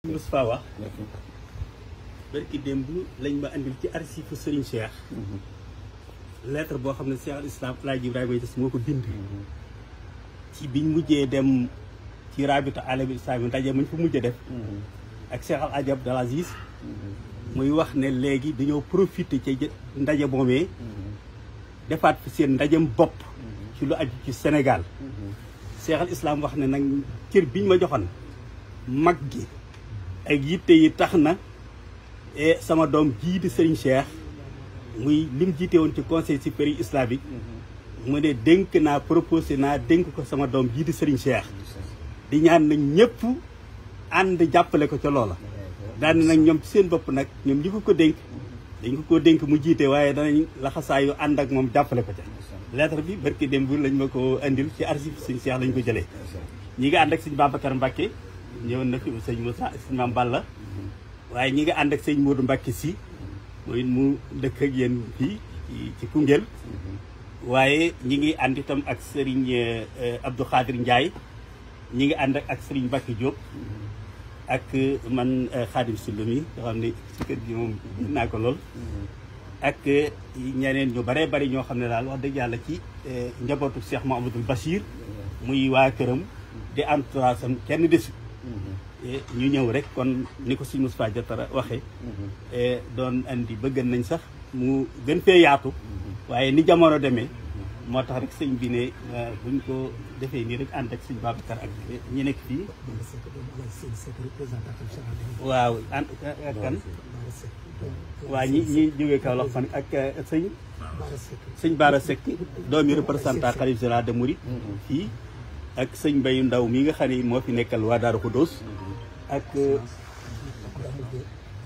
Moustapha wax barki démb lañ ma indil ci archive Serigne Cheikh mhm. lettre boo xam ne Cheikh al Islam Alaaji Ibrahima Niass moo ko bind mhm. ci biñ mujjee dem ci rabita alamin islami ndaje muñ fa mujjee def mhm. ak Cheikh al Ajab Al Aziz muy wax ne léegi dañoo profité ci ndaje moomee defaat fi seen ndajem bopp ci lu aju ci Sénégal Cheikh al Islam wax ne nag cër biñ ma joxan mag gi ak yitte yi tax na e sama doom jii di sëriñ Cheikh muy lim jiite woon ci conseil supérieur islamique mu ne dénk naa proposé naa dénk ko sama doom jii di sëriñ Cheikh di ñaan nañ ñëpp ànd jàppale ko ca loola daan nag ñoom ci seen bopp nag ñoom ñi ko ko dénk dañ ko ko dénk mu jiite waaye danañ laxasaayu ànd ak moom jàppale ko ca lettre bi barki démb lañ ma ko indil ci archive suñu Cheikh lañ ko jëlee ñi nga ànd ak suñu Babacar Mbacke ñëwoon na fi sëñ Moussa sëñ Mame Balla waaye ñi ngi ànd ak sëñ Modou Mbacke si mooy mu dëkk ak yéen fii ci Koungheul waaye ñi ngi ànd itam ak Serigne euh, Abdou Khadir Ndiaye ñi ngi ànd ak Serigne Mbacke Diop ak euh, man euh, Khadim Souloumi nga xam ne si kër gi moom naa ko lool ak ñeneen ñu bare bari ñoo xam ne daal wax dëgg yàlla ci njabootu Cheikh Mouhamadoul Bachir muy waa këram di entourage am kenn desu Eh, ñu ñëw rek kon ni ko suñu Moustapha Diatara waxee eh, doon andi bëggan nañ sax mu gën fee yaatu waaye ni jamono demee moo tax rek sëñ bi ne eh, buñ ko defee nii rek ànd ak sëñ Babacar ak nekk fii waaw ànd ñi ñi jógee ak sëñ sëñ Bara Seck doomi représentant xalifa général de Mouride fii ak sëñ Mbaye Ndaw mi nga xam moo fi nekkal waa Daaru Xuddoos ak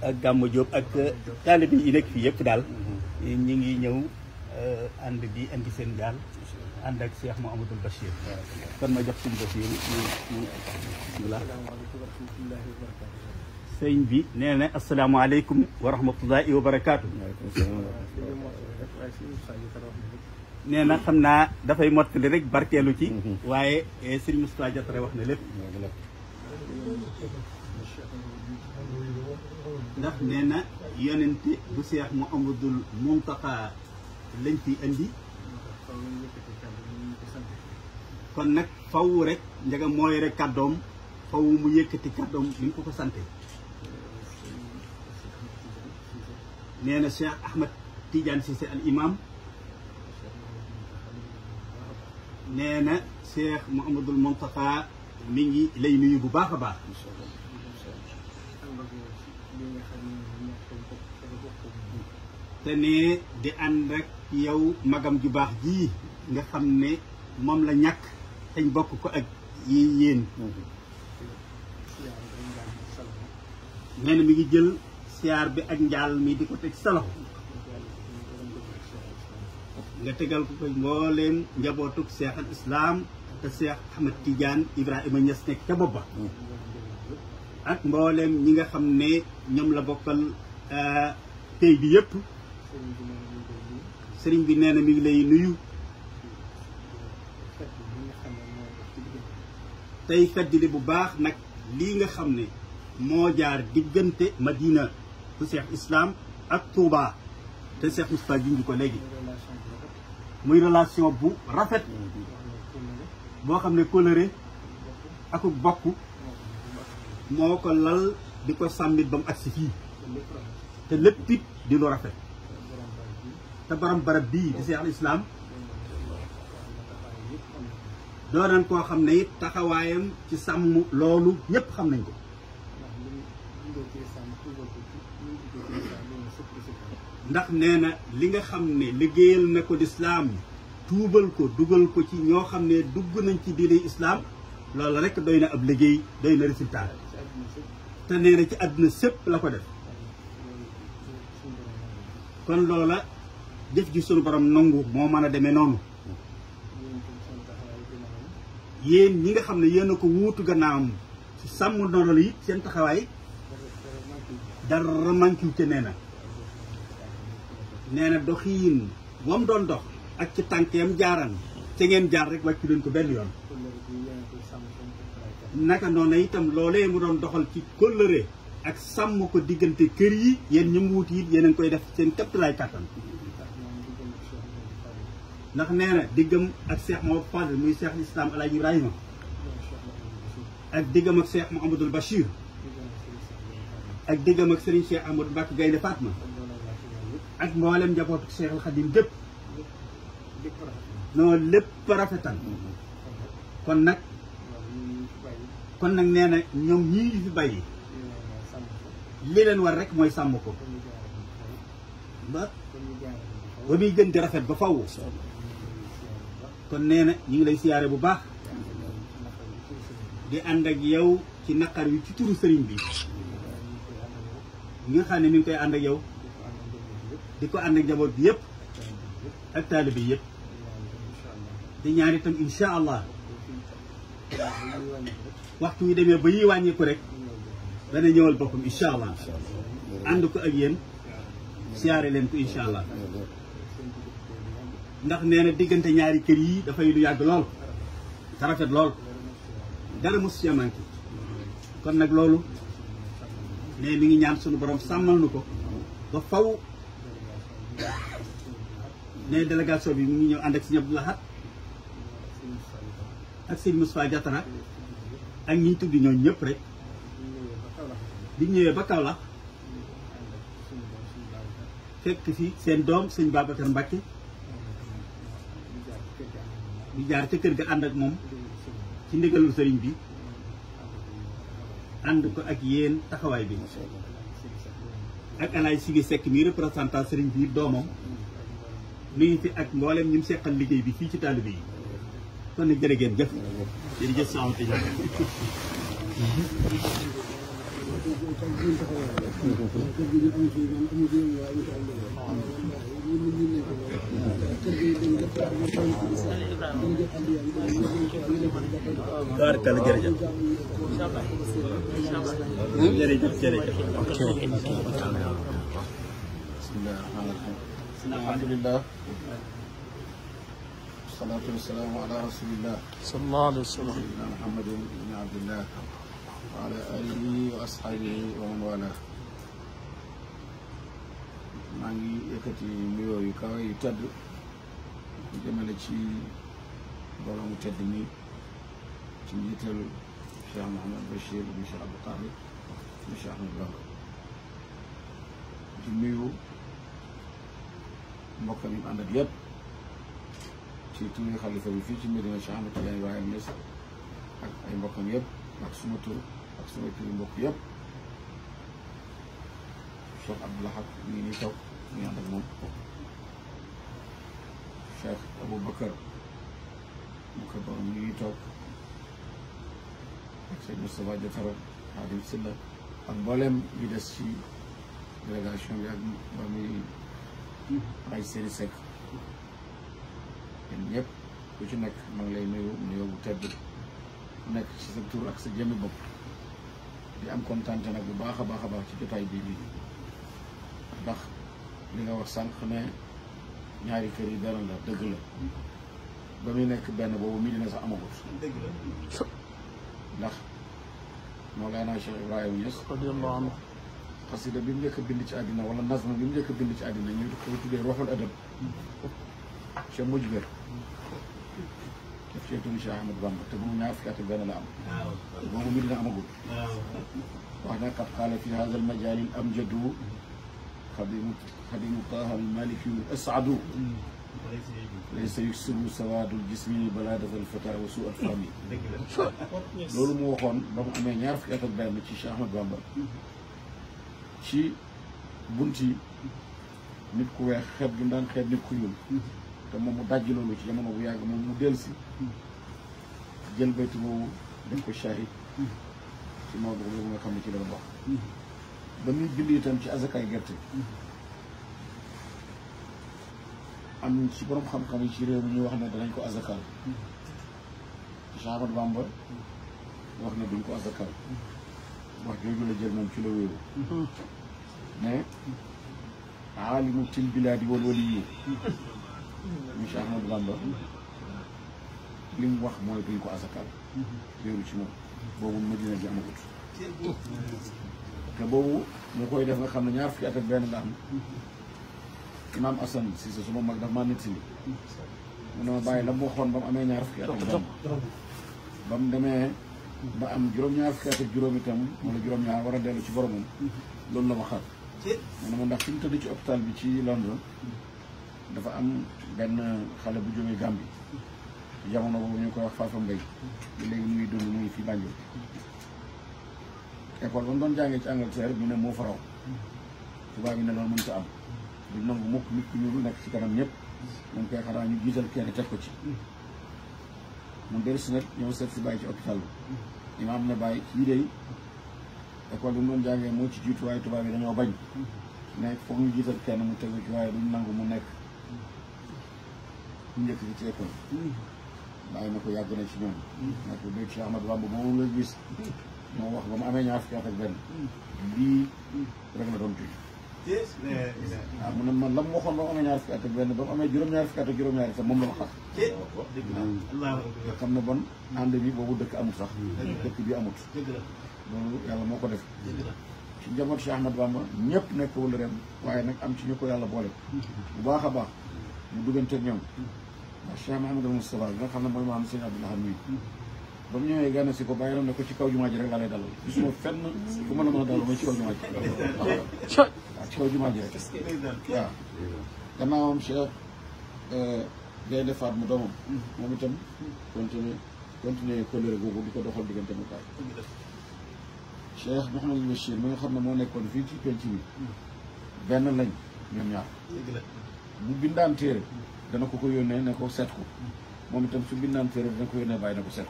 ak Gàmmu ak taalibe yi nekk fii yëpp daal ñi ngi ñëw eh, ànd bi andi seen gaal ànd ak Cheikh Mouhamadoul Bachir kon bi nee na asalaamaaleykum wa rahmatullahi wa barakaatu nee xamna da fay mot mottali rek barkelu ci mhm. waaye e, serigne Moustapha Diattara wax na lepp ndax nee yonenti yonente bu seex Muhammadul muntaka lañ fi andi kon nak faw rek ndega moy rek kaddom faw mu yekati kaddom li ko ko sante nee Cheikh Ahmed Tidiane Cissé al imam nee na Cheikh Mouhamadul Mountakha mi ngi lay nuyu bu baax a baax. te ne di ànd ak yow magam ju baax ji nga xam ne moom la ñàkk tañ bokk ko ak yi yéen. nee mi ngi jël siyaar bi ak njaal mi di ko teg sa nga tegal ko koy mbooleem njabootuk cheikh al islam te cheikh ahmed tidiane ibrahima ñas nek ca bobba hmm. ak mbooleem ñi nga xamne ñom ñoom la bokkal eh, tey bi yëpp serigne bi neena mi ngi lay nuyu tey feddili bu baax nak li nga xamne mo jaar diggante madina cheikh islam ak touba te cheikh mustafa jindi ko legi muy relation bu rafet moo xam ne coloré ak bokk moo ko lal di ko sàmmit ba mu agsi fii te lépp it di lu rafet te borom barab bii di Seex al Islaam doo koo xam ne it taxawaayam ci sàmm loolu ñëpp xam nañ ko ndax nee na li nga xam ne liggéeyal na ko lislaam tuubal ko dugal ko ci ñoo xam ne dugg nañ ci diine islaam loolu rek doy na ab liggéey doy na résultat te nee na ci àdduna sépp la ko def kon loola jëf ji sunu borom nangu moo mën a demee noonu yéen ñi nga xam ne yéen a ko wuutu gannaawam ci sàmm noonu yi seen taxawaay dara manqué wu ca nee na nee na doxiin wam doon dox ak ci tànk yam jaaran ca ngeen jaar rek wàccu leen ko benn yoon naka noonu itam loolee mu doon doxal ci kóllëre ak sàmm ko diggante kër yi yéen ñëm wut it yéen koy def seen kaptalaay kàttan ndax nee na diggam ak Cheikh Mouhamadou Fadel muy Cheikh ak diggam ak Cheikh Mouhamadoul Bachir ak diggam ak Serigne Cheikh Amadou Mbacke Gaynde Fatma ak mboolem njabootu Seexul Xadim gépp non lépp rafetal kon nag kon nag nee na ñoom ñii fi bàyyi li leen war rek mooy sàmm ko ba ba muy gën di rafet ba faw kon nee na ñu ngi lay siyaare bu baax di ànd ak yow ci naqar wi ci turu sëriñ bi nga xam ne mi ngi koy ànd ak yow di ko jabo bi yep ak talibi yep di ñaari tam incha allah waxtu yi demee ba yi wañi ko rek dana ñëwal boppam incha allah and ko ak yeen siaré len ko incha allah ndax nee digënté ñaari kër yi da fay lu yag lool te rafet lool dara mos ci manqué kon nak loolu né mi ngi ñaan suñu borom samal nuko ba faw ne délégation bi mu ngi ñëw and ak Sëñ lahat ak Sëñ Moustapha Diatara ak ñi tuddi ñoo ñooñu ñëpp rek bi ñëwee ba kaw la fekk fi seen doom sëñ Babacar Mbacke di jaar ci kër ga and ak mom ci ndigalu sëriñ bi and ko ak yeen taxaway bi ak alaay sigi sek mi representant sëriñ bi doomam nuyu fi ak mboolem ñi mu seqal liggéey bi fii ci taalibe yi kon nag jërë ngeen jëf jërëjëf Sow te alhamdulilah wasalaatu wasalaamu ala rasulillah sallallahu alayhi wa sallam sayyidina muhammadin ibn abdillah wa ala alihi wa ashaabihi wa man wala maa ngi yëkkati nuyoo yu kawe yu tedd ñu jëmale ci boroomu tedd mi ci njiital Cheikh Mouhamed Bachir bi Cheikh Abdou Khadre bi Cheikh Ahmed Bamba di nuyu mbokkam yi mu ànd ak yëpp ci turi xalifa bi fii ci Medina Cheikh Ahmed Tidiane Ibrahima Niass ak ay mbokkam yëpp ak suma tur ak suma turi mbokk yëpp Cheikh Abdou Lahad mi ngi nii toog ñu ànd ak moom Cheikh Aboubacar mu ko borom mi ngi toog ak sëñ Moustapha Diatara Hadim Silla ak mboolem ñu des ci délégation bi ak ba muy ay Sëriñ Seck yéen ñëpp ku ci nekk maa ngi lay nuyu nuyoo bu tedd nekk ci sa tur ak sa jëmmi bopp di am kontante nag bu baax a baax a baax ci jotaay bii bii ndax li nga wax sànq ne ñaari kër yi benn la dëgg la ba muy nekk benn boobu mi dina sax amagut dëgg la ndax Mawlana Cheikh Ibrahima Niass قصيده بيملك بنت عادنا ولا نظم بيملك بنت عادنا يدخل تبي روح الادب شيء مجبر كيف شيء تقول شيء احمد بامر تقول نعرف كيف تبين الامر تقول مين نعم اقول نعم. وانا قد قال في هذا المجال الامجدو خديم خديم طه المالك اسعدوا ليس يكسب سواد الجسم البلاد ذا الفتى وسوء الفهم لولو مو هون بامر كمان يعرف كيف تبين شيء احمد بامر ci bunt yi nit ku weex xeet lu daan xeet nit ku ñuul te moom mu dajj loolu ci jamono bu yàgg moom mu dellu si jël baytu boobu def ko shahid ci Maodo boobu nga xam ne ci la wax ba muy bind itam ci azakaay gerte am ci boroom xam-xam yi ci réew mi ñuy wax ne danañ ko azakal Cheikh Ahmad wax ne duñ ko azakal wax jooju la jël moom ci la wéeru mais aalimu cil bilaadi wal waliyu mu Cheikh Ahmadou Bamba li mu wax mooy duñ ko asakal wéeru ci moom boobu Madina ji amagut te boobu mu koy def nga xam ne ñaar fukki at ak benn nga am imaam Assane si suma mag daf maa nit si mu ne ma bàyyi la mu waxoon ba mu amee ñaar fukki at ak ba mu demee ba am juróom-ñaar fukki at ak juróom itam wala juróom-ñaar war a dellu ci boromam loolu la ma xar man ma ndax fi mu tëdd ci hôpital bi ci London dafa am benn xale bu jógee Gambie jamono boobu ñu koy wax Fafa Mbaye léegi mu ngi dund mu ngi fi Banjul école ba doon jàngee ci Angleterre ñu ne moo faraw tubaab yi ne loolu mënut a am du nangu mukk nit ku nekk ci kanam ñëpp dañ koy xanaa ñu jiital kenn teg ko ci mu dellu si nag ñoo seet si bàyyi ci hôpital bi imaam ne bàyyi kii de école bi mu doon jàngee moo ci jiitu waaye tubaab yi dañoo bañ mais foog ñu jiital kenn mu tegu ci waaye duñ nangu mu nekk njëkk gi ci école bàyyi na ko yàgg na ci ñoom ne ko béy ci Ahmadu Bamba boobu nga gis moo wax ba mu amee ñaar fukki at ak benn lii rek la doon tuuti waaw ah, mu ne man la mu waxoon ba mu amee ñaar benn ba mu amee juróom-ñaar fukki ak juróom-ñaari sax moom la ma ah, xam nga xam ne bon ànd bi boobu dëkk amut sax mm. dëkk bi amut loolu yàlla moo ko def ci njaboot Cheikh Ahmad Bamba ñëpp nekk wala ren waaye nag am ci ñu ko yàlla boole bu baax a baax mu duggante ñoom ndax Cheikh Mahamadou Moustapha bi nga xam ne mooy maam sëñ Abdoulaye mii ba mu ñëwee gànna ko bàyyi na ne ko ci kaw jumaa ji rek laa lay dalal gisuma fenn fu la mën a dalal mooy ci kaw jumaa ji kaw jumaa ji rek waaw gannaawam Cheikh eh, Gaynde mu doomam mm-hmm. moom itam continuer continuer colère googu di ko doxal diggante mu kaay Cheikh Mouhamadou Bachir mi nga xam ne moo nekkoon fii ci penc bi mm-hmm. benn lañ ñoom ñaar bu bindaan téere mm-hmm. dana ko ko yónnee ne ko seet ko moom itam su bindaan téere dana ko yónnee bàyyi ne ko seet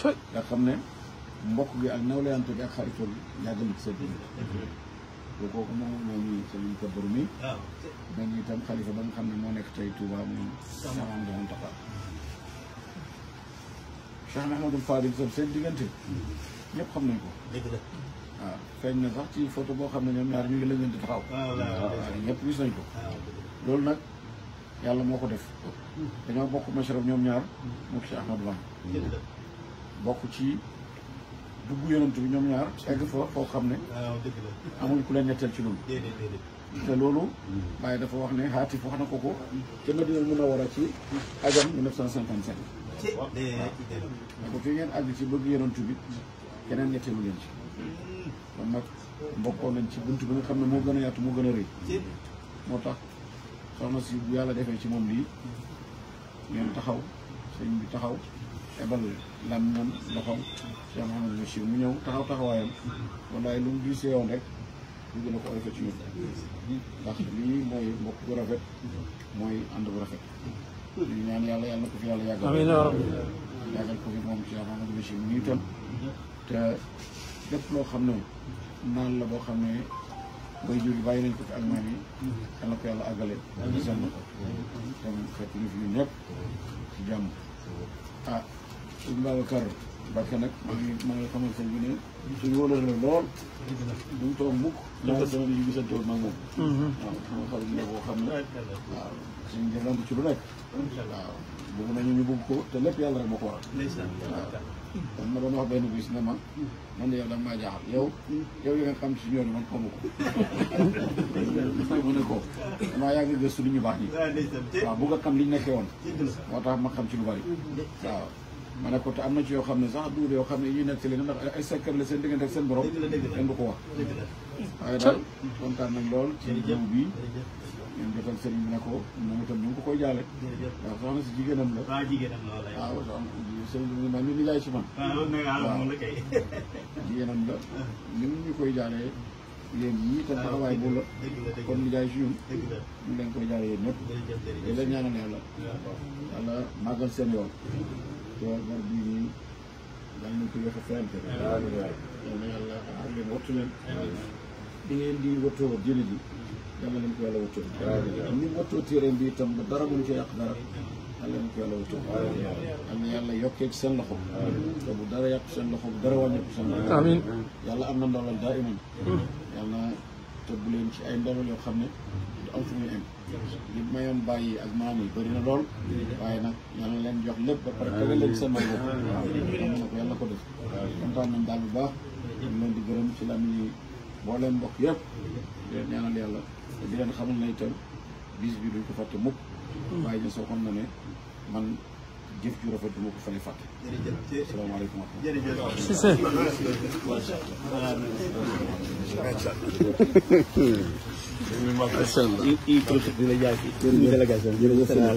ko nga xam ne mbokk bi ak nawleyante gi ak xaritoo gi yàgg na ci seen te kooku moom moo ñuy Serigne Kabir mi. waaw ah. dañuy itam xalifa ba nga xam ne moo nekk tey Touba muy. sama Amadou Mountakha. Cheikh Mouhamadou Fadil Sow seen diggante. ñëpp xam nañ ko. dëgg ah, feeñ na sax ci photo boo xam ne ñoom ñaar ñu ngi lëngante taxaw. waaw ah, waaw ñëpp gis nañ ko. loolu nag yàlla moo ko def. Hmm. dañoo bokk masharab ñoom ñaar. Hmm. mu Cheikh Ahmadou Bamba. bokk ci. dugg yonent bi ñoom ñaar egg fa foo xam ne ah, amuñ ku leen ñetteel ci loolu te loolu bàyyi dafa wax ne xaatif wax na ko ko kenn Madina mun a war a ci ajam 1957 da ko fi ngeen àgg ci bëgg yonent bi keneen ñetteelu leen ci nag mbokkoon nañ ci bunt bi nga xam ne moo gën a yaatu moo gën a rëy moo tax soxna si bu yàlla defee ci moom lii ngeen taxaw sëñ bi taxaw ebal lam moom loxoom Cheikh Mouhamadou Bachir mu ñëw taxaw taxawaayam wallaay lu mu diisee woon rek ñu gën a ko oyofee ci ñun ndax lii mooy mbokk bu rafet mooy ànd bu rafet ñu ñaan yàlla yàlla na ko fi yàlla yàggal yàggal ko fi te lépp loo xam ne naan la boo xam ne bay jur yi bàyyi nañ ko fi ak maam yàlla ko na ko tam fekk ñu fi ñun ñëpp ci jàmm ah. suñu ba Mbacké nag maa ngi maa ngi xamal sëñ bi ne suñu wóolal la lool duñ toog mukk ñaari semaine yu gisante woon nag moom boo xam ne waaw suñu jëflante ci lu nekk waaw bëgg nañu ñu bëgg ko te lépp yàlla rek ma ko waral waaw doon wax benn bis ne man de yow da nga maa jaaxal xam ci ñooñu man xamu ko ma ne ko damaa yàgg gëstu li ñu baax ñi waaw bëgg a xam li ñu nekkee woon moo tax ma xam ci lu bari waaw ma ne ko te am na ci yoo xam ne sax duur yoo xam ne ñuy nekk ci leen ndax ay secret la seen diggante ak seen borom kenn du ko wax waaye daal kontaan nañ lool ci ñëw bii ñun defal sëriñ bi ne ko moom itam ñu ngi ko koy jaale waaw soxna si jigéenam la waaw jigéenam la waaw sëriñ bi mel ni nijaay si man waaw jigéenam la ni ñu koy jaalee yéen ñii tam taxawaay bu la kon nijaay si ñun ñu leen koy jaale yéen ñëpp di leen ñaanal yàlla yàlla màggal seen yoon feebar bii nii yal nañ ko yéex a fente yal na yàlla aar leen wattu leen di ngeen di wattoo jëli ji yal na leen ko yàlla wattoo ni wattoo téeréem bi itam ba dara mun ci yàq dara yal na leen ko yàlla wattoo yal na yàlla yokkee ci seen loxo te bu dara yàq seen loxo bu dara wàññeeku seen loxo amiin yàlla am na ndolal daa iman mm. yàlla tëbb leen ci ay ndolal yoo xam ne am fu muy am li mayoon bàyyi ak maam yi bëri na lool waaye nag yal na leen jox lépp ba pare tëgal leen seen may bopp waaw am na ko yàlla ko def kontaan nañ daal bu baax ñu leen di gërëm ci lam yi mbooleem mbokk yëpp di leen ñaanal yàlla di leen xamal na itam bis bi duñ ko fàtte mukk hmm. waaye ñu sooxoon na ne man jëf ju rafet du ma ko fàtte asalaamaaleykum wa rahmatulah e, e, e, e, dilejaki.